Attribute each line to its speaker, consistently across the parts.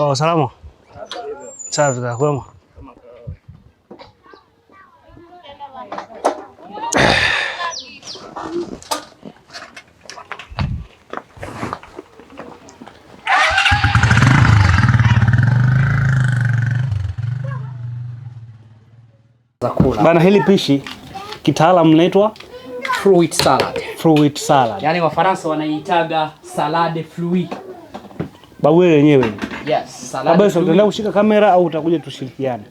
Speaker 1: Bawa salama. Safi za kwema. Bana, hili pishi kitaalamu linaitwa
Speaker 2: fruit salad.
Speaker 1: Fruit salad.
Speaker 2: Yaani Wafaransa wanaiitaga salade fluid.
Speaker 1: Babu wewe wenyewe Yes, Abeso, kushika kamera au utakuja tushirikiane?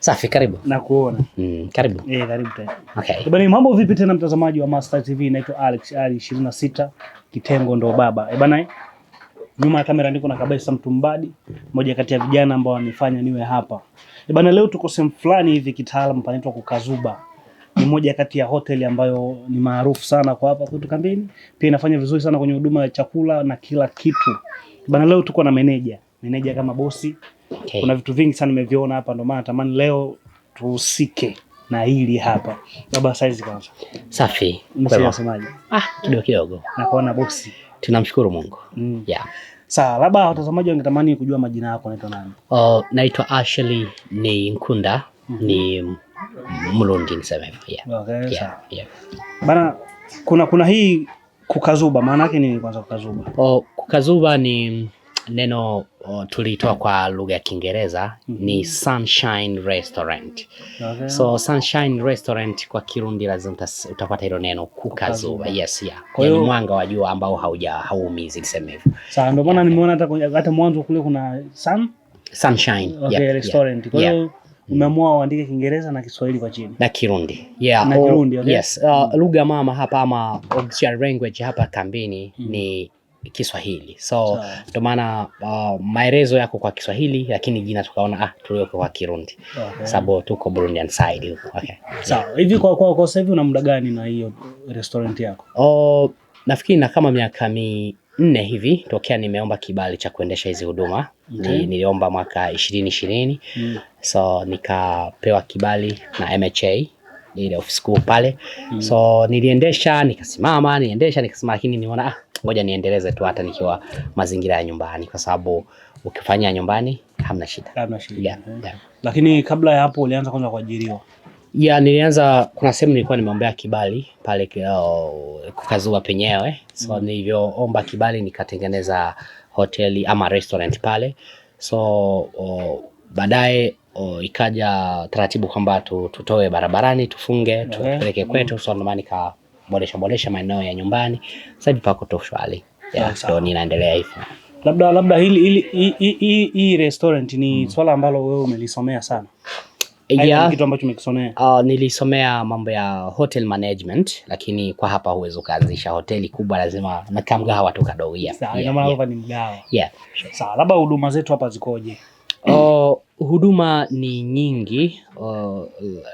Speaker 1: Safi, karibu. Nakuona.
Speaker 2: Mm, karibu.
Speaker 1: Eh, karibu tena. Okay. Bwana, mambo vipi tena mtazamaji wa Master TV? Naitwa Alex Ali 26, kitengo ndo baba. Eh, bwana, nyuma ya kamera niko na kabisa mtumbadi mbadi, mmoja kati ya vijana ambao wamefanya niwe hapa. Eh, bwana, leo tuko sehemu fulani hivi kitaalamu panaitwa kukazuba ni moja kati ya hoteli ambayo ni maarufu sana kwa hapa kwetu kambini. Pia inafanya vizuri sana kwenye huduma ya chakula na kila kitu. Bana, leo tuko na meneja, meneja kama bosi. Okay. Kuna vitu vingi sana nimeviona hapa, ndio maana natamani leo tuhusike na hili hapa. Baba size kwanza. Safi. Msemaje?
Speaker 2: Ah, kidogo kidogo.
Speaker 1: Na kuona bosi.
Speaker 2: Tunamshukuru Mungu.
Speaker 1: Mm. Yeah. Sawa, labda watazamaji wangetamani kujua majina yako, naitwa nani?
Speaker 2: Oh, naitwa Ashley ni Nkunda. Mm -hmm. Ni Mrundi niseme hivyo. Yeah. Okay, yeah, yeah.
Speaker 1: Bana kuna kuna hii kukazuba maana yake nini kwanza kukazuba?
Speaker 2: Oh, kukazuba ni neno oh, tulitoa kwa lugha ya Kiingereza mm -hmm. Ni Sunshine Restaurant. Okay. So Sunshine Restaurant kwa Kirundi lazima utapata hilo neno kukazuba. Yes, yeah. Kwa hiyo yaani mwanga wa jua ambao hauja hauumizi niseme hivyo.
Speaker 1: Sasa ndio maana nimeona hata hata mwanzo kule kuna sun
Speaker 2: sunshine.
Speaker 1: Okay, yep, restaurant. Kwa hiyo yep umeamua uandike Kiingereza na Kiswahili kwa chini
Speaker 2: na Kirundi,
Speaker 1: yeah, na Kirundi okay?
Speaker 2: Yes, uh, lugha mama hapa ama official language hapa kambini mm. ni Kiswahili so ndio maana uh, maelezo yako kwa Kiswahili, lakini jina tukaona ah, tuliweke kwa Kirundi okay. Sababu tuko Burundian side huko okay.
Speaker 1: Sawa so, hivi kwa kwa sasa hivi una muda gani na hiyo restaurant yako?
Speaker 2: Oh, nafikiri na kama miaka minne hivi tokea nimeomba kibali cha kuendesha hizi huduma Mm. niliomba mwaka ishirini ishirini mm. so nikapewa kibali na MHA ile ofisi kuu pale mm. So niliendesha nikasimama, niliendesha nikasimama, lakini niona ah, ngoja niendeleze tu hata nikiwa mazingira ya nyumbani, kwa sababu ukifanya nyumbani hamna shida,
Speaker 1: hamna shida. Yeah, yeah. Yeah. Lakini kabla ya hapo ulianza kwanza kuajiriwa?
Speaker 2: Yeah, nilianza kuna sehemu nilikuwa nimeombea kibali pale oh, kukazua penyewe so mm. nilivyoomba kibali nikatengeneza hoteli ama restaurant pale. So baadaye ikaja taratibu kwamba tutoe barabarani tufunge tupeleke kwetu, mm. so maana nikaboresha boresha maeneo ya nyumbani. Sasa hivi pako tofali yeah, so ninaendelea hivyo.
Speaker 1: Labda labda hii restaurant ni mm. swala ambalo wewe umelisomea sana yeah. Kitu ambacho umekisomea?
Speaker 2: Uh, nilisomea mambo ya hotel management, lakini kwa hapa huwezi ukaanzisha hoteli kubwa, lazima nakaa mgahawa tu kadogo. ina
Speaker 1: maana hapa Ni mgahawa yeah. Sawa, labda huduma zetu hapa zikoje?
Speaker 2: Uh, huduma ni nyingi uh,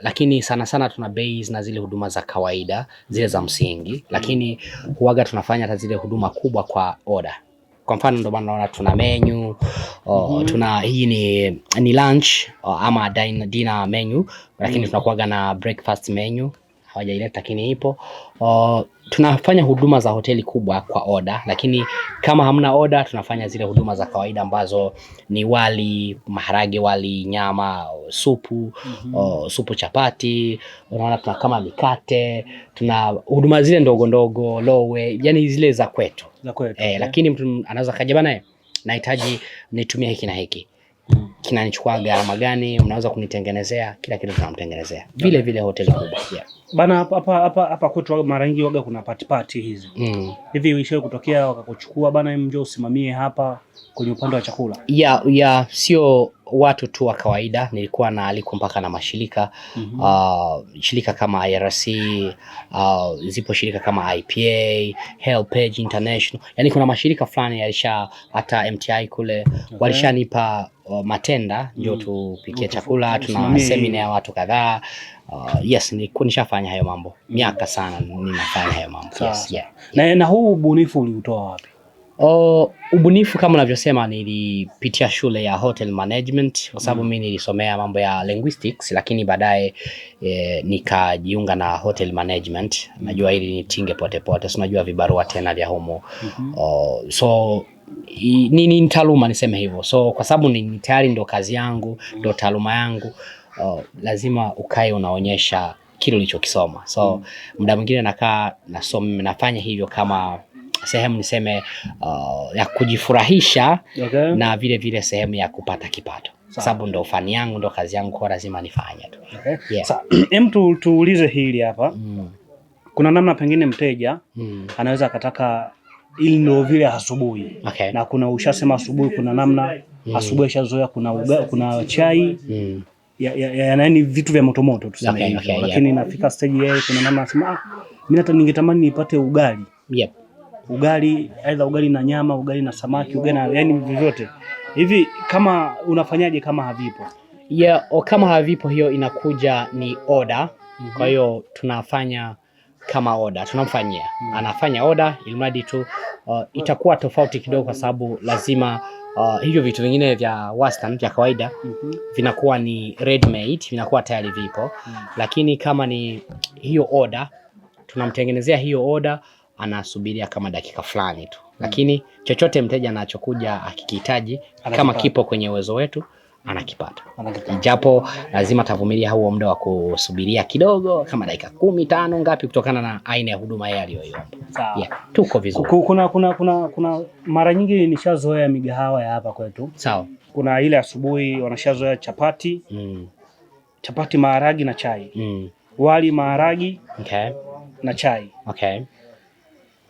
Speaker 2: lakini sana sana tuna base na zile huduma za kawaida zile za msingi, lakini huaga tunafanya hata zile huduma kubwa kwa oda kwa mfano ndio maana naona tuna menu o, mm -hmm. tuna hii ni, ni lunch o, ama dinner menu lakini mm -hmm. tunakuwaga na breakfast menu hawajaileta lakini ipo. Uh, tunafanya huduma za hoteli kubwa kwa oda, lakini kama hamna oda tunafanya zile huduma za kawaida ambazo ni wali, maharage, wali, nyama, supu mm -hmm. uh, supu, chapati, unaona tuna kama mikate, tuna huduma zile ndogo ndogo lowe, yani zile za kwetu, za kwetu eh, yeah. Lakini mtu anaweza kaja bana, nahitaji nitumie hiki na hiki mm. kinanichukua gharama gani? Unaweza kunitengenezea? Kila kitu tunamtengenezea vile vile, hoteli kubwa yeah.
Speaker 1: Bana hapa hapa hapa kwetu mara nyingi waga kuna patipati party hizi mm. hivi mm. kutokea wakakuchukua bana, mjo usimamie hapa kwenye upande wa chakula
Speaker 2: ya ya, sio watu tu wa kawaida, nilikuwa na aliko mpaka na mashirika mm -hmm. uh, shirika kama IRC uh, ah, zipo shirika kama IPA, Page International, yani kuna mashirika fulani yalisha hata MTI kule okay. walishanipa Uh, matenda ndio mm. tupikie chakula, tuna semina ya watu kadhaa. Uh, yes, ni kunishafanya hayo mambo miaka sana, ninafanya hayo mambo yes, yeah.
Speaker 1: Na, na huu ubunifu uliutoa wapi?
Speaker 2: Uh, ubunifu kama unavyosema, nilipitia shule ya hotel management kwa sababu mm. mimi nilisomea mambo ya linguistics, lakini baadaye eh, nikajiunga na hotel management. mm. Najua ili nitinge pote pote, si unajua vibarua tena vya humo mm -hmm. uh, so ni, ni taaluma niseme hivyo. So kwa sababu ni tayari ndo kazi yangu ndo taaluma yangu, uh, lazima ukae unaonyesha kile ulichokisoma. So muda mwingine nakaa nasoma, nafanya hivyo kama sehemu niseme uh, ya kujifurahisha okay, na vile vile sehemu ya kupata kipato kwa sababu ndo fani yangu ndo kazi yangu, kwa lazima nifanye tu.
Speaker 1: Okay. Yeah. Sasa hem, tuulize hili hapa mm. Kuna namna pengine mteja mm. anaweza akataka ili ndio vile asubuhi
Speaker 2: okay. na kuna
Speaker 1: ushasema asubuhi, kuna namna mm. asubuhi ashazoea, kuna uga, kuna chai mm. ya, ya, ya, yaani vitu vya moto moto tuseme okay, okay, lakini yeah. nafika stage yeye, kuna namna asema, ah, mimi hata ningetamani nipate ugali yep. ugali aidha ugali na nyama, ugali na samaki, ugali na yaani vyovyote hivi. Kama unafanyaje kama havipo?
Speaker 2: Yeah, o kama havipo, hiyo inakuja ni order mm -hmm. kwa hiyo tunafanya kama oda tunamfanyia hmm. Anafanya oda ilmradi tu uh, itakuwa tofauti kidogo, kwa sababu lazima uh, hivyo vitu vingine vya western vya kawaida mm -hmm. vinakuwa ni ready made, vinakuwa tayari vipo mm. Lakini kama ni hiyo oda tunamtengenezea hiyo oda, anasubiria kama dakika fulani tu mm. Lakini chochote mteja anachokuja akikihitaji kama kipo kwenye uwezo wetu anakipata, ijapo lazima atavumilia huo muda wa kusubiria kidogo kama dakika kumi tano ngapi, kutokana na aina ya huduma yeye aliyoiomba. Yeah, tuko vizuri.
Speaker 1: Kuna, kuna, kuna, kuna mara nyingi nishazoea migahawa ya hapa kwetu. Sawa. Kuna ile asubuhi wanashazoea chapati mm. chapati maharagi na chai mm. wali maharagi okay. na chai okay.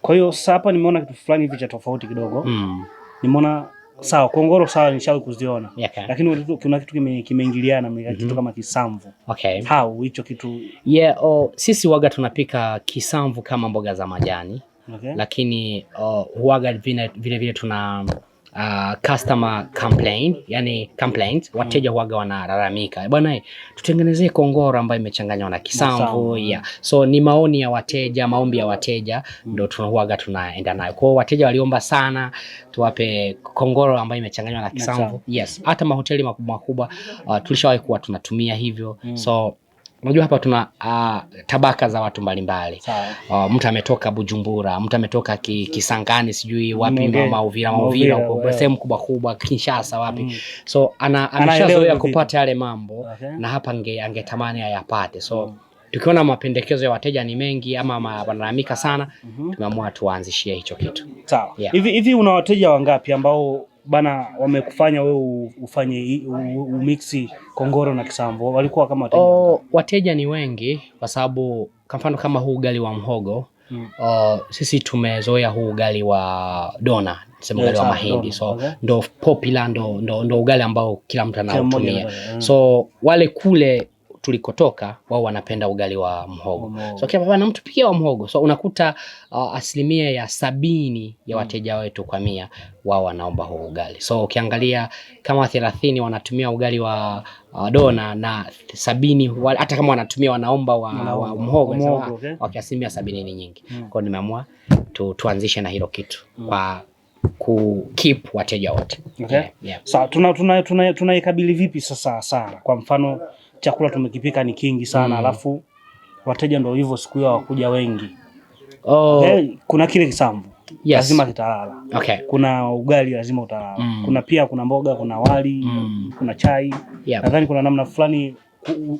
Speaker 1: Kwa hiyo sasa hapa nimeona kitu fulani hivi cha tofauti kidogo mm. nimeona Sawa, kongoro sawa, nishawahi kuziona okay. Lakini kuna kitu kimeingiliana kime mm -hmm. kitu mm-hmm. kama kisamvu okay. Hao hicho kitu
Speaker 2: yeah, oh, sisi waga tunapika kisamvu kama mboga za majani okay. Lakini oh, waga vile vile tuna uh, customer complain, yani complaint, mm. wateja waga wanalalamika, eh, bwana eh, tutengenezee kongoro ambayo imechanganywa na kisamvu mm. yeah. So ni maoni ya wateja, maombi ya wateja mm. ndio tunahuaga tunaenda nayo. Kwa wateja waliomba sana tuwape kongoro ambayo imechanganywa na kisamvu yes. Hata mahoteli makubwa makubwa uh, tulishawahi kuwa tunatumia hivyo mm. so Unajua hapa tuna uh, tabaka za watu mbalimbali uh, mtu ametoka Bujumbura, mtu ametoka ki, Kisangani, sijui wapi Mama Uvira, Mauvira huko sehemu kubwa kubwa, Kinshasa wapi mm. So ana ameshazoea kupata yale mambo okay. Na hapa angetamani ayapate so mm. Tukiona mapendekezo ya wateja ni mengi ama wanalalamika sana mm -hmm. Tumeamua tuwaanzishie hicho kitu
Speaker 1: sawa. Hivi yeah. Hivi una wateja wangapi ambao bana wamekufanya wewe ufanye umixi kongoro na kisamvu, walikuwa kama wateja?
Speaker 2: Oh, wateja ni wengi kwa sababu kwa mfano kama huu ugali wa mhogo mm. Oh, sisi tumezoea huu ugali wa dona sema ugali yeah, wa mahindi so okay. Ndo popular ndo, ndo, ndo ugali ambao kila mtu anautumia so wale kule tulikotoka wao wanapenda ugali wa mhogo. mhogo. So, kia baba na mtupikia wa mhogo. So unakuta uh, asilimia ya sabini ya mm. wateja wetu kwa mia wao wanaomba huo ugali. So ukiangalia kama thelathini wanatumia ugali wa uh, dona na sabini hata kama wanatumia wanaomba wa, mhogo. wa mhogo, mhogo okay. Okay, asilimia sabini ni nyingi mm. Kwa hiyo nimeamua tu, tuanzishe na hilo kitu mm. kwa ku keep wateja wote. Okay. Yeah, yeah. Sawa,
Speaker 1: tunaikabili tuna, tuna, tuna vipi sasa hasara? Kwa mfano chakula tumekipika ni kingi sana, mm. alafu wateja ndio hivyo, siku hiyo hawakuja wengi
Speaker 2: oh. Okay,
Speaker 1: kuna kile kisambu yes. lazima kitalala. Okay. Kuna ugali lazima utalala mm. kuna pia kuna mboga, kuna wali mm. kuna chai yep. nadhani kuna namna fulani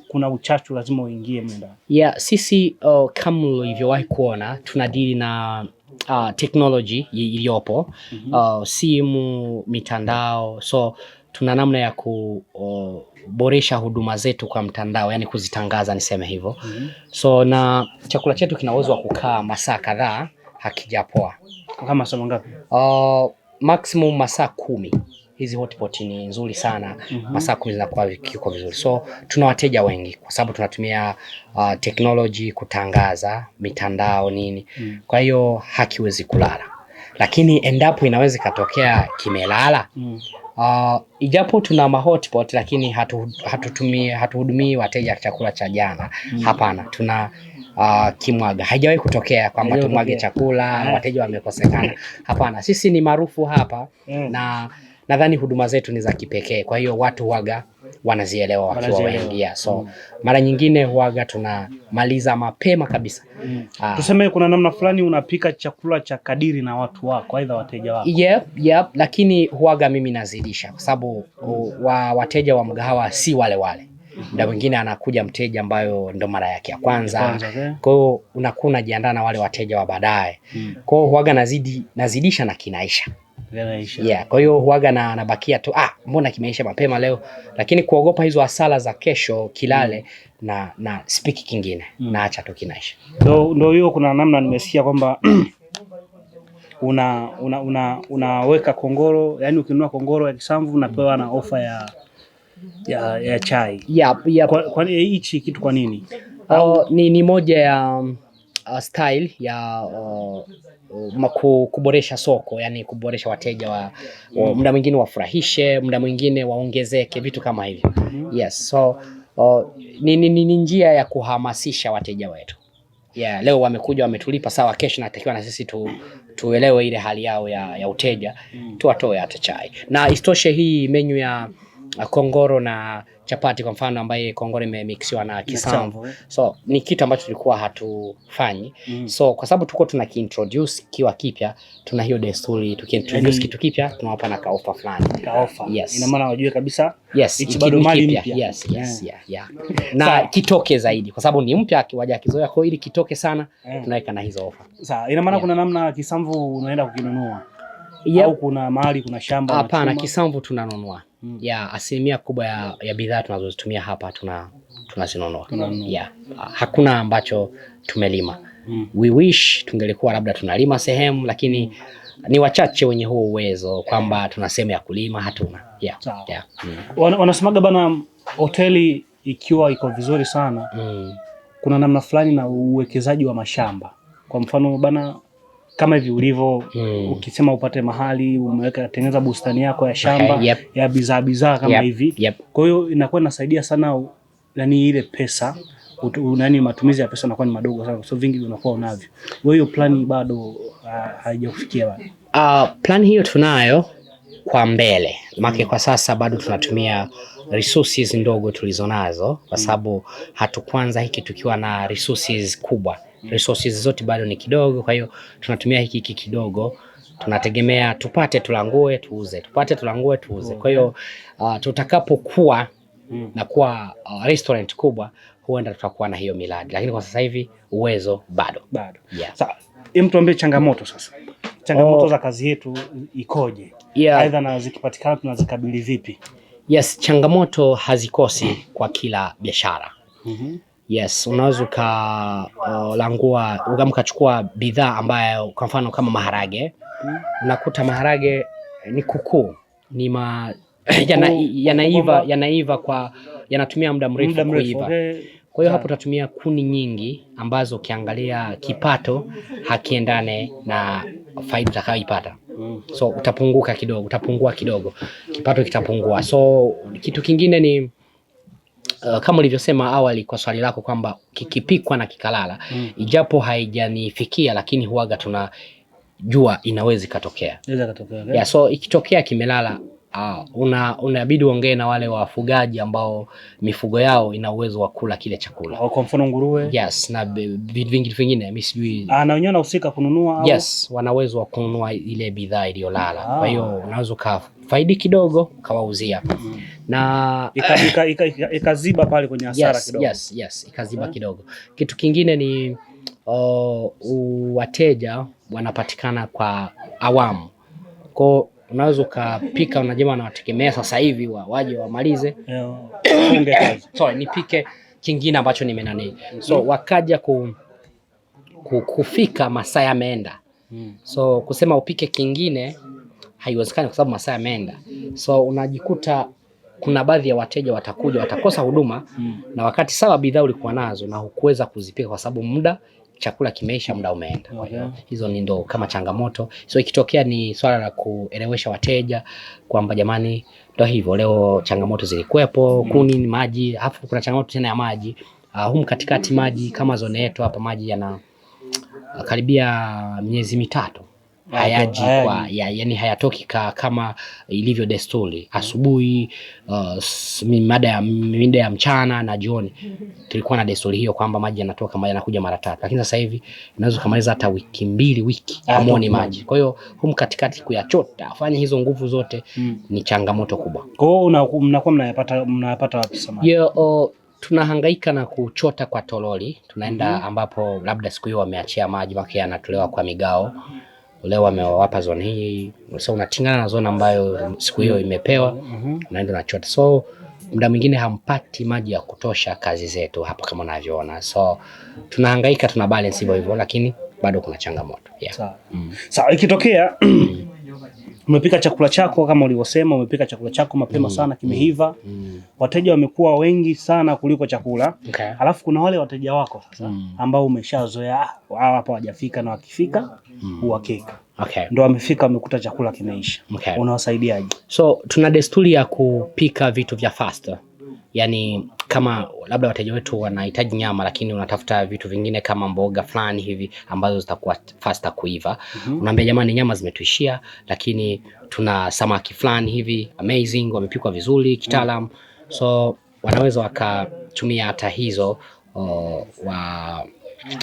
Speaker 1: kuna uchachu lazima uingie menda.
Speaker 2: Yeah, sisi uh, kama ulivyowahi kuona tunadili na uh, ah, teknoloji iliyopo mm -hmm. uh, simu, mitandao so tuna namna ya kuboresha huduma zetu kwa mtandao, yani kuzitangaza, niseme hivyo mm -hmm. So na chakula chetu kinawezwa wa kukaa masaa kadhaa hakijapoa.
Speaker 1: Kama masaa mangapi?
Speaker 2: Uh, maximum masaa kumi. Hizi hotpot ni nzuri sana mm -hmm. masaa kumi zinakuwa kiko vizuri, so tuna wateja wengi kwa sababu tunatumia uh, teknoloji kutangaza mitandao nini mm -hmm. kwa hiyo hakiwezi kulala, lakini endapo inaweza ikatokea kimelala mm -hmm Uh, ijapo tuna mahotpot lakini hatutumii hatu hatuhudumii wateja chakula cha jana mm. Hapana, tuna uh, kimwaga. Haijawahi kutokea kwamba tumwage chakula eh. wateja wamekosekana. Hapana, sisi ni maarufu hapa mm. na nadhani huduma zetu ni za kipekee, kwa hiyo watu waga wanazielewa wakiwa waingia, so mm. mara nyingine huaga tunamaliza mapema kabisa mm.
Speaker 1: Ah. Tuseme kuna namna fulani unapika chakula cha kadiri na watu wako, aidha wateja wako.
Speaker 2: Yep, yep, lakini huaga mimi nazidisha kwa sababu wa wateja wa mgahawa si wale wale muda mhm. mwingine anakuja mteja ambayo ndo mara yake ya kwanza, kwa hiyo unakuwa unajiandaa na wale wateja wa baadaye. Mm. Kwa hiyo huaga nazidi nazidisha na kinaisha. Yeah, kwa hiyo huaga na anabakia tu ah, mbona kimeisha mapema leo, lakini kuogopa hizo hasara za kesho kilale mm. na na spiki kingine mm. naacha tu kinaisha.
Speaker 1: Ndio ndio hiyo, kuna namna nimesikia kwamba una unaweka una, una kongoro, yani ukinunua kongoro ya kisamvu unapewa na ofa ya ya, ya chai
Speaker 2: yep, yep.
Speaker 1: Kwa, kwa hichi kitu kwa nini?
Speaker 2: Uh, ni, ni moja ya um, uh, style ya uh, maku, kuboresha soko, yani kuboresha wateja wa, wa muda mwingine wafurahishe, muda mwingine waongezeke, vitu kama hivyo. Yes, so uh, ni, ni, ni, ni njia ya kuhamasisha wateja wetu. Yeah, leo wamekuja wametulipa, sawa. Kesho natakiwa na sisi tu, tuelewe ile hali yao ya, ya uteja, tuwatoe hata chai na istoshe hii menyu ya Uh, kongoro na chapati kwa mfano, ambaye kongoro imemixiwa na kisamvu, eh. so ni kitu ambacho tulikuwa hatufanyi mm. So kwa sababu tuko tuna kiintroduce kiwa kipya, tuna hiyo desturi, tukiintroduce yaani kitu kipya tunawapa na kaofa fulani, kaofa yes. Ina maana
Speaker 1: wajue kabisa yes, hichi bado mali mpya
Speaker 2: yes, yes, yeah. Yeah, yeah. na Sa, kitoke zaidi kwa sababu ni mpya, akiwaja kizoea kwa ili kitoke sana yeah. Tunaweka na hizo ofa
Speaker 1: sawa. Ina maana yeah. Kuna namna kisamvu unaenda kukinunua
Speaker 2: yeah. Au kuna
Speaker 1: mahali kuna shamba?
Speaker 2: Hapana, kisamvu tunanunua Mm. ya asilimia kubwa ya, ya bidhaa tunazozitumia hapa tuna tunazinunua yeah. Hakuna ambacho tumelima mm. We wish tungelikuwa labda tunalima sehemu lakini ni wachache wenye huo uwezo kwamba tuna sehemu ya kulima hatuna. yeah, yeah.
Speaker 1: mm. Wanasemaga bana, hoteli ikiwa iko vizuri sana mm. kuna namna fulani na uwekezaji wa mashamba. Kwa mfano bana, kama hivi ulivyo mm. Ukisema upate mahali umeweka tengeneza bustani yako ya shamba okay, yep. ya bidhaa bidhaa kama yep. hivi yep. Kwa hiyo inakuwa inasaidia sana, yani ile pesa nani, matumizi ya pesa yanakuwa ni madogo sana, so vingi unakuwa unavyo kwa Hiyo plan bado uh, haijakufikia bado?
Speaker 2: Uh, plan hiyo tunayo kwa mbele make mm. Kwa sasa bado tunatumia resources ndogo tulizonazo, kwa hmm. sababu hatukuanza hiki tukiwa na resources kubwa resources zote bado ni kidogo, kwa hiyo tunatumia hiki hiki kidogo tunategemea tupate tulangue tuuze, tupate tulangue tuuze. Kwa hiyo uh, tutakapokuwa mm. na kuwa uh, restaurant kubwa, huenda tutakuwa na hiyo miradi, lakini kwa sasa hivi uwezo bado
Speaker 1: bado. Yeah. Sawa, mtuambie changamoto sasa, changamoto oh. za kazi yetu ikoje? Yeah. aidha na zikipatikana tunazikabili vipi?
Speaker 2: Yes, changamoto hazikosi kwa kila biashara mm -hmm. Yes, unaweza ukalangua uh, ukamkachukua bidhaa ambayo kwa mfano kama maharage mm. Unakuta maharage eh, ni kuku ni ma eh, yana, yanaiva yanaiva kwa yanatumia muda mrefu kuiva okay. Eh, kwa hiyo hapo utatumia kuni nyingi ambazo ukiangalia kipato hakiendane na faida utakayoipata. Hmm. So utapunguka kidogo, utapungua kidogo, kipato kitapungua. So kitu kingine ni uh, kama ulivyosema awali kwa swali lako kwamba kikipikwa na kikalala mm. Ijapo haijanifikia lakini huaga tunajua inaweza ikatokea. Yeah, so ikitokea kimelala Ah, una unabidi uongee na wale wafugaji ambao mifugo yao ina uwezo wa kula kile chakula.
Speaker 1: Kwa mfano nguruwe.
Speaker 2: Yes, na vitu vingi vingine mimi sijui. Ah,
Speaker 1: na wenyewe wanahusika kununua au?
Speaker 2: Yes, wana uwezo wa kununua ile bidhaa iliyolala. Ah. Kwa hiyo unaweza ukafaidi kidogo kawauzia. Mm. Na
Speaker 1: ikaziba ika, ika, ika, pale kwenye hasara yes,
Speaker 2: kidogo. Yes, yes, ikaziba okay. Eh? kidogo. Kitu kingine ni uh, wateja wanapatikana kwa awamu. Kwa unaweza ukapika unajema nawategemea sasa hivi wa, waje wamalize ni nipike kingine ambacho nimenani so mm-hmm. wakaja ku, ku, kufika masaa yameenda mm. so kusema upike kingine haiwezekani kwa sababu masaa yameenda so unajikuta kuna baadhi ya wateja watakuja watakosa huduma mm. na wakati sawa bidhaa ulikuwa nazo na hukuweza kuzipika kwa sababu muda chakula kimeisha, muda umeenda. Kwa hiyo mhm. hizo ni ndo kama changamoto. So ikitokea ni swala la kuelewesha wateja kwamba jamani, ndo hivyo leo changamoto zilikuwepo, mhm. kuni, maji, afu kuna changamoto tena ya maji. Uh, humu katikati maji kama zone yetu hapa maji yana ah, karibia miezi mitatu hayaji kwa ya, yani hayatoki ka, kama ilivyo desturi asubuhi, uh, mida ya, mida ya mchana na jioni. Tulikuwa na desturi hiyo kwamba maji yanatoka maji yanakuja mara tatu, lakini sasa hivi unaweza kumaliza hata wiki mbili wiki ah, amoni mm. maji. Kwa hiyo huko katikati kuyachota afanye hizo nguvu zote mm. ni changamoto kubwa. Kwa
Speaker 1: hiyo mnakuwa mnayapata mnayapata wapi samaki?
Speaker 2: Yeah, uh, tunahangaika na kuchota kwa toroli, tunaenda mm-hmm. ambapo labda siku hiyo wameachia maji maki yanatolewa kwa migao leo wamewapa zone hii, so unatingana na zone ambayo siku hiyo imepewa mm -hmm. naenda na so muda mwingine hampati maji ya kutosha kazi zetu hapo kama unavyoona, so tunahangaika, tuna balance hivyo hivyo, lakini bado kuna changamoto yeah.
Speaker 1: Sawa, mm. ikitokea mm. Umepika chakula chako kama ulivyosema, umepika chakula chako mapema mm. sana, kimeiva mm, mm. wateja wamekuwa wengi sana kuliko chakula okay. Alafu kuna wale wateja wako sasa mm. ambao umeshazoea hao hapa wajafika na wakifika mm. Okay. Ndo wamefika wamekuta chakula kimeisha. Okay.
Speaker 2: Unawasaidiaje? So tuna desturi ya kupika vitu vya fast yani kama labda wateja wetu wanahitaji nyama, lakini unatafuta vitu vingine kama mboga fulani hivi ambazo zitakuwa faster kuiva mm -hmm. Unaambia jamani, nyama zimetuishia, lakini tuna samaki fulani hivi amazing, wamepikwa vizuri kitaalam mm -hmm. So wanaweza wakatumia hata hizo o, wa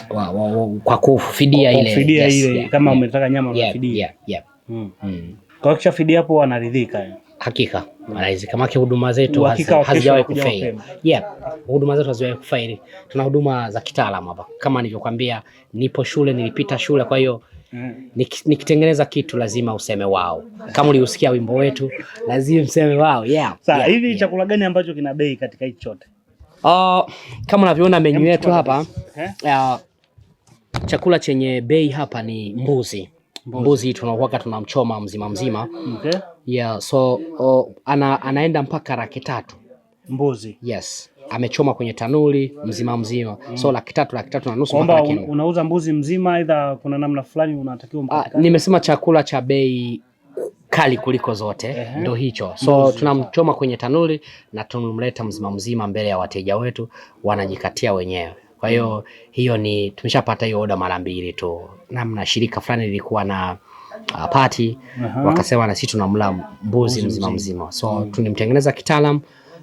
Speaker 2: wa, wa, wa, kwa kufidia ile, kufidia
Speaker 1: yes, ile yeah, kama yeah, umetaka nyama unafidia yeah,
Speaker 2: yeah, yeah. mm. mm.
Speaker 1: Kwa kisha fidia hapo wanaridhika
Speaker 2: hakika wanaizi kama yake huduma zetu hazijawahi kufail. Yeah, huduma zetu hazijawahi kufail. Tuna huduma za kitaalamu hapa, kama nilivyokuambia, nipo shule, nilipita shule, kwa hiyo mm. nikitengeneza kitu lazima useme wao. Kama uliusikia wimbo wetu, lazima useme wao. Yeah. Sasa
Speaker 1: yeah, hivi yeah. Chakula gani ambacho kina bei katika hicho chote?
Speaker 2: Uh, kama unavyoona menyu yetu hapa uh, chakula chenye bei hapa ni mbuzi mbuzi, mbuzi tunakuwa tunamchoma mzima mzima, okay yeah, so oh, ana, anaenda mpaka laki tatu mbuzi. Yes, amechoma kwenye tanuri mzima mzima mm. So laki tatu laki tatu na
Speaker 1: nusu mpaka Unauza mbuzi mzima, aidha kuna namna fulani unatakiwa ah, mpaka.
Speaker 2: Nimesema chakula cha bei kali kuliko zote uh -huh. Ndo hicho so tunamchoma kwenye tanuri na tunamleta mzima mzima mbele ya wateja wetu, wanajikatia wenyewe. Kwa hiyo mm. hiyo ni tumeshapata hiyo oda mara mbili tu, namna shirika fulani lilikuwa na uh, party uh -huh. Wakasema na sisi tunamla mbuzi mzima mzima, so mm. tulimtengeneza kitaalam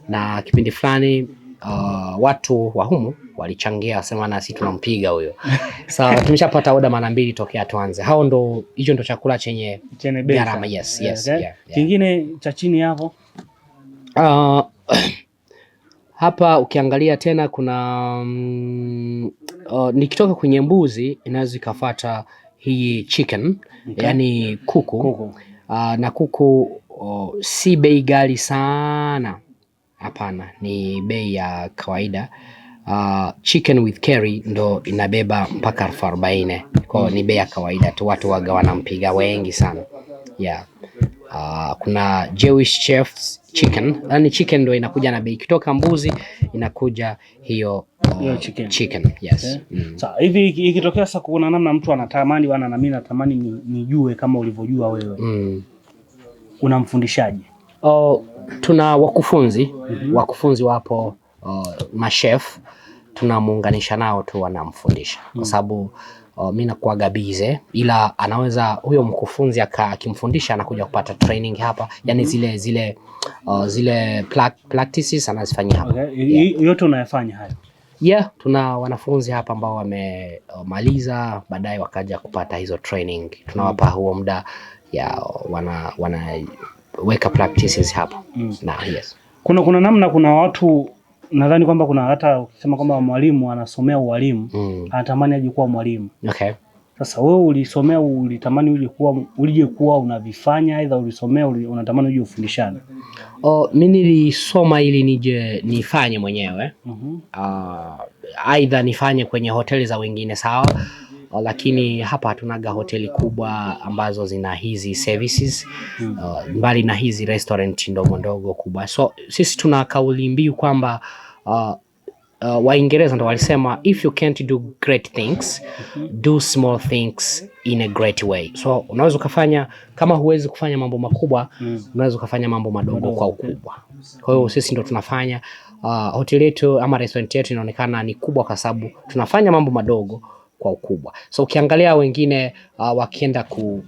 Speaker 2: na kipindi fulani Uh, watu wa humu walichangia wasema na sisi tunampiga huyo. so, tumeshapata oda mara mbili tokea tuanze. Hao ndo hicho ndo chakula chenye gharama. Yes, yes, okay. Yeah, yeah.
Speaker 1: Kingine cha chini hapo
Speaker 2: uh, hapa ukiangalia tena kuna um, uh, nikitoka kwenye mbuzi inaweza ikafata hii chicken okay. yani kuku, kuku. Uh, na kuku oh, si bei ghali sana hapana, ni bei ya kawaida. Uh, chicken with curry ndo inabeba mpaka elfu arobaini kwao, ni bei ya kawaida tu, watu waga wanampiga wengi sana yeah. Uh, kuna Jewish chefs chicken, yani chicken ndo inakuja na bei, ikitoka mbuzi inakuja hiyo uh, chicken. Chicken, yes. Okay. Eh? Mm.
Speaker 1: Sawa, hivi ikitokea sasa kuna namna mtu anatamani wana na mimi natamani nijue kama ulivyojua wewe mm. una mfundishaji?
Speaker 2: Oh, tuna wakufunzi mm -hmm. Wakufunzi wapo oh, mashef tunamuunganisha nao tu wanamfundisha kwa mm. sababu Uh, mi nakuaga bize ila anaweza huyo mkufunzi akimfundisha anakuja kupata training hapa yani, mm -hmm. zile zile uh, zile practices anazifanyia hapa okay.
Speaker 1: yeah. Yote unayafanya hayo
Speaker 2: Yeah, tuna wanafunzi hapa ambao wamemaliza baadaye wakaja kupata hizo training. Tunawapa mm. huo muda ya wana wanaweka practices hapo. Mm. Na yes.
Speaker 1: Kuna kuna namna kuna watu nadhani kwamba kuna hata ukisema kwamba mwalimu anasomea ualimu mm. anatamani aje kuwa mwalimu. Okay. Sasa wewe ulisomea, ulitamani uje kuwa ulije kuwa unavifanya, aidha ulisomea uli, unatamani uje ufundishane?
Speaker 2: Oh, mimi nilisoma ili nije nifanye mwenyewe mm -hmm. uh, aidha nifanye kwenye hoteli za wengine sawa, lakini hapa hatunaga hoteli kubwa ambazo zina hizi services mm -hmm. uh, mbali na hizi restaurant ndogo ndogo kubwa, so sisi tuna kauli mbiu kwamba uh, uh, Waingereza ndo walisema if you can't do great things do small things in a great way. So unaweza ukafanya kama huwezi kufanya mambo makubwa mm. unaweza ukafanya mambo madogo kwa ukubwa. Kwa hiyo sisi ndo tunafanya uh, hoteli yetu ama restaurant yetu inaonekana ni kubwa kwa sababu tunafanya mambo madogo kwa ukubwa. So ukiangalia wengine uh, wakienda ku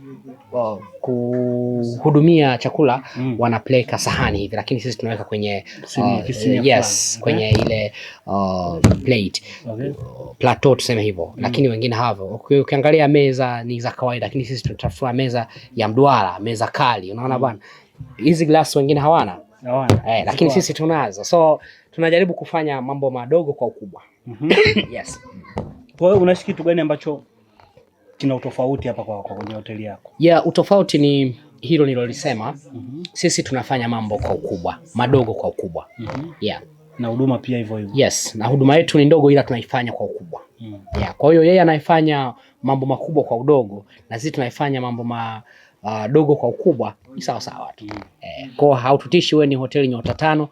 Speaker 2: uh, kuhudumia chakula mm. wanapeleka sahani hivi, lakini sisi tunaweka kwenye
Speaker 1: uh, uh,
Speaker 2: yes, kwenye okay. Eh. ile uh, plate okay. plateau tuseme hivyo mm. lakini wengine havyo Ukiangalia meza ni za kawaida, lakini sisi tunatafuta meza ya mduara, meza kali, unaona mm. bwana mm. hizi glass wengine hawana hawana eh, lakini sisi tunazo, so tunajaribu kufanya mambo madogo kwa ukubwa mm -hmm. yes
Speaker 1: kwa hiyo unahisi kitu gani ambacho kina utofauti hapa kwa kwenye hoteli yako? Yeah,
Speaker 2: utofauti ni hilo nilolisema. mm -hmm. Sisi tunafanya mambo kwa ukubwa, madogo kwa ukubwa. mm -hmm. yeah. na
Speaker 1: huduma pia hivyo hivyo.
Speaker 2: Yes, na huduma yetu ni ndogo, ila tunaifanya kwa ukubwa. mm yeah. Kwa hiyo yeye anayefanya mambo makubwa kwa udogo na sisi tunaifanya mambo madogo ah, Uh, kwa ukubwa ni sawa sawa tu. Mm. Eh, kwa haututishi wewe ni hoteli nyota tano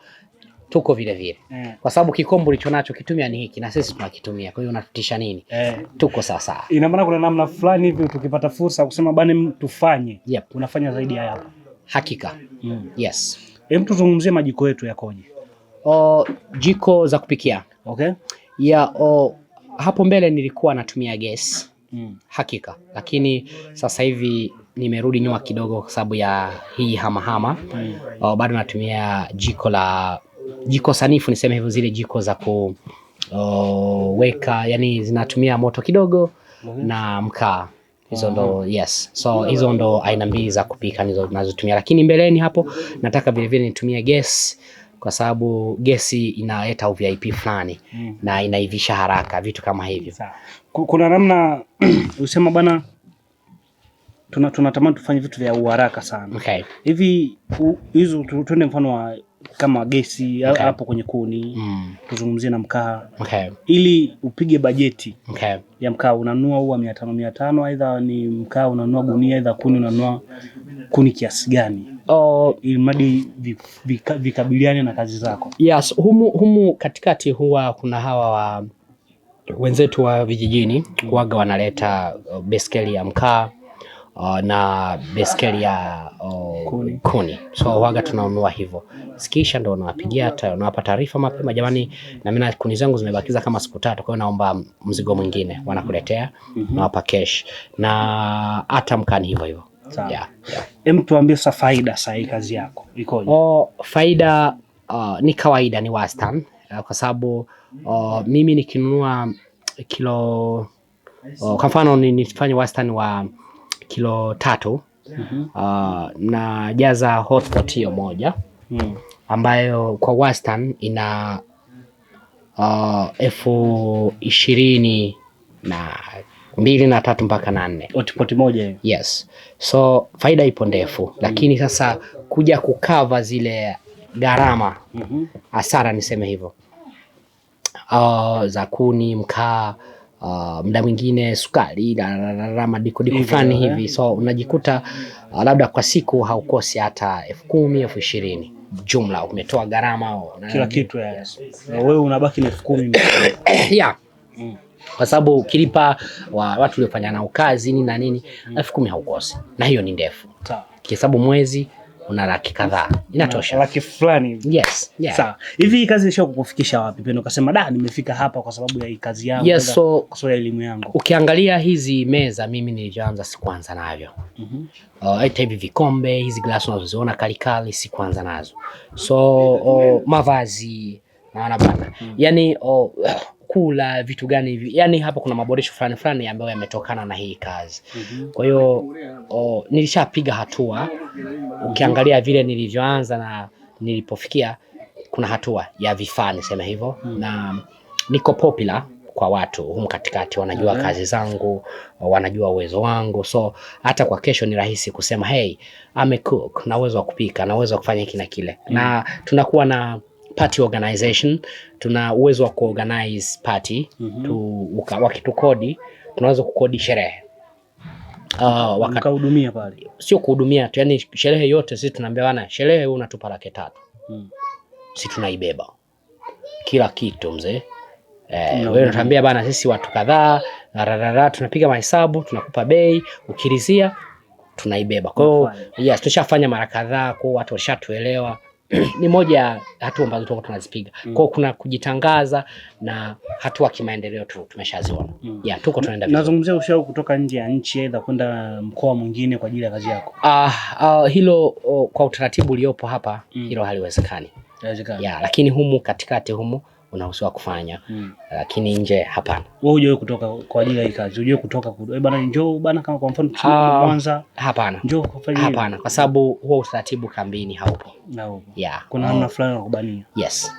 Speaker 2: tuko vile vile yeah. Kwa sababu kikombo ulicho nacho kitumia ni hiki na sisi tunakitumia, kwa hiyo unatutisha nini? eh? Tuko sawa sawa. Ina
Speaker 1: maana kuna namna fulani hivi tukipata fursa kusema bane tufanye. yep. Unafanya zaidi ya hapo
Speaker 2: hakika. mm. Yes.
Speaker 1: Hem, tuzungumzie majiko yetu yakoje?
Speaker 2: Oh, jiko za kupikia okay. ya oh, hapo mbele nilikuwa natumia gesi mm. Hakika, lakini sasa hivi nimerudi nyuma kidogo kwa sababu ya hii hamahama hama. mm. Oh, Bado natumia jiko la jiko sanifu, niseme hivyo, zile jiko za kuweka yani zinatumia moto kidogo mhm. na mkaa hizo ndo mhm. yes, so hizo ndo aina mbili za kupika nizo nazotumia, lakini mbeleni hapo nataka vilevile nitumie gesi, kwa sababu gesi inaleta uvip fulani mm, na inaivisha haraka vitu kama hivyo.
Speaker 1: Kuna namna usema bwana, tunatamani tuna tufanye vitu vya uharaka sana hivi okay. Hizo tuende mfano wa kama gesi okay. hapo kwenye kuni mm. tuzungumzie na mkaa okay. ili upige bajeti
Speaker 2: okay. ya
Speaker 1: mkaa unanua huwa mia tano mia tano aidha ni mkaa unanua gunia aidha kuni unanua kuni kiasi gani
Speaker 2: oh. ili
Speaker 1: madi vikabiliane na kazi zako
Speaker 2: yes humu, humu katikati huwa kuna hawa wa wenzetu wa vijijini mm. waga wanaleta uh, beskeli ya mkaa Uh, na beskeli ya uh, kuni. kuni so waga tunanunua hivyo, sikisha ndo unawapigia unawapa taarifa mapema, jamani, na mimi na kuni zangu zimebakiza kama siku tatu, kwa hiyo naomba mzigo mwingine, wanakuletea mhm. nawapa cash na hata mkani hivyo hivyo.
Speaker 1: Yeah, tuambie sasa faida sahi kazi yako
Speaker 2: ikoje? Oh, faida uh, ni kawaida ni wastani uh, kwa sababu uh, mimi nikinunua kilo uh, kwa mfano nifanye wastani wa kilo tatu mm -hmm. uh, na jaza hotpot hiyo moja mm. ambayo kwa wastani ina uh, elfu ishirini na mbili na tatu mpaka na nne
Speaker 1: hotpot moja
Speaker 2: Yes, so faida ipo ndefu mm. lakini sasa kuja kukava zile gharama mm -hmm. asara niseme hivyo, uh, za kuni, mkaa uh, ah, mda mwingine sukari la madikodiko fulani eh? hivi, so unajikuta uh, labda kwa siku haukosi hata elfu kumi elfu ishirini jumla umetoa gharama
Speaker 1: kila kitu, eh. wewe unabaki na elfu kumi
Speaker 2: yeah mm. kwa sababu ukilipa wa watu uliofanya nao kazi nini na nini mm. elfu kumi haukosi, na hiyo ni ndefu, kwa sababu mwezi una laki kadhaa inatosha, laki fulani. Yes, yeah. Sawa.
Speaker 1: Hivi kazi ilisha kukufikisha wapi Pendo? Ukasema da, nimefika hapa kwa sababu ya kazi yangu, yes, so, kwa sababu ya elimu yangu.
Speaker 2: Ukiangalia hizi meza mimi nilianza sikuanza navyo mm -hmm. uh, hata hivi vikombe, hizi glasi unazoziona kalikali sikuanza nazo, so uh, mavazi naona bana mm. -hmm. yani uh, kula vitu gani hivi, yani hapa kuna maboresho fulani fulani ambayo yametokana na hii kazi mm -hmm. kwa hiyo oh, nilishapiga hatua mm -hmm ukiangalia vile nilivyoanza na nilipofikia, kuna hatua ya vifaa niseme hivyo mm. na niko popular kwa watu humu katikati, wanajua mm -hmm. kazi zangu, wanajua uwezo wangu, so hata kwa kesho ni rahisi kusema hey, a cook na uwezo wa kupika na uwezo wa kufanya hiki na kile mm -hmm. na tunakuwa na party organization, tuna uwezo wa kuorganize party mm -hmm. tu, wakitukodi tunaweza kukodi sherehe
Speaker 1: Ah, mkahudumia pale, sio
Speaker 2: kuhudumia tu, yani sherehe yote sisi tunaambia bana, sherehe wewe unatupa laki tatu hmm. sisi tunaibeba kila kitu mzee Eh, no, wewe unatuambia bana, sisi watu kadhaa rarara, tunapiga mahesabu, tunakupa bei, ukirizia tunaibeba. Kwa hiyo yes, tushafanya mara kadhaa, kwa watu walishatuelewa Eh. ni moja ya hatua ambazo tulikuwa tunazipiga. Mm. Kwa kuna kujitangaza na hatua kimaendeleo tu tumeshaziona. Mm. Yeah, tuko tunaenda. Nazungumzia
Speaker 1: ushauri kutoka nje ya nchi aidha kwenda mkoa mwingine kwa ajili ya kazi yako. Ah,
Speaker 2: ah, hilo oh, kwa utaratibu uliopo hapa mm. hilo haliwezekani.
Speaker 1: Haliwezekani. Yeah,
Speaker 2: lakini humu katikati humu unaruhusiwa kufanya mm. Lakini nje hapana. Wewe
Speaker 1: hujui kutoka kwa ajili ya hii kazi, hujui kutoka eh bana, njoo bana, kama kwa mfano
Speaker 2: kwanza, ah, hapana, njoo
Speaker 1: kufanya hapana,
Speaker 2: kwa sababu huo utaratibu kambini haupo
Speaker 1: no. Yeah. Kuna namna um, fulani ya
Speaker 2: yes,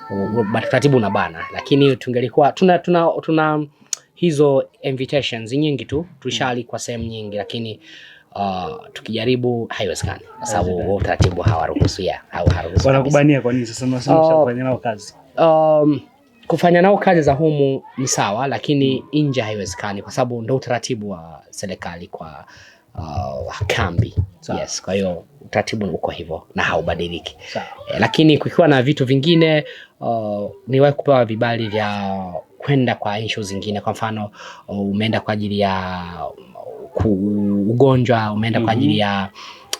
Speaker 2: utaratibu una bana, lakini tungelikuwa tuna tuna, tuna um, hizo invitations nyingi tu tulishali kwa sehemu nyingi, lakini uh, tukijaribu haiwezekani kwa sababu huo utaratibu hawaruhusu, yeah, hawaruhusu.
Speaker 1: Wanakubania kwa nini sasa? Unasema unafanya nao kazi
Speaker 2: um, kufanya nao kazi za humu ni sawa, lakini nje haiwezekani kwa sababu ndo utaratibu wa serikali kwa uh, kambi yes. Kwa hiyo utaratibu uko hivyo na haubadiliki e, lakini kukiwa na vitu vingine uh, niwahi kupewa vibali vya kwenda kwa issue zingine. Kwa mfano uh, umeenda kwa ajili ya ugonjwa, umeenda mm -hmm. kwa ajili mhm. ya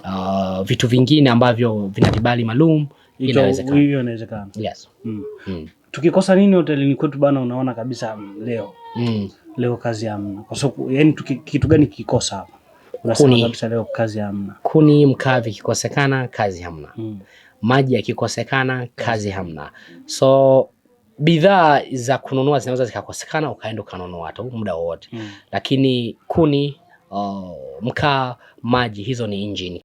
Speaker 2: uh, vitu vingine ambavyo vina vibali maalum,
Speaker 1: inawezekana. Yes.
Speaker 2: Mm. Mm
Speaker 1: tukikosa nini hotelini kwetu bana, unaona kabisa mm, leo mm. leo kazi hamna, kwa sababu yani kitu gani kikikosa hapa
Speaker 2: unasema kabisa
Speaker 1: leo kazi hamna.
Speaker 2: Kuni mkavi kikosekana kazi hamna mm. maji yakikosekana kazi hamna, so bidhaa za kununua zinaweza zikakosekana, ukaenda ukanunua tu muda wowote mm. lakini kuni, uh, mkaa, maji, hizo ni injini.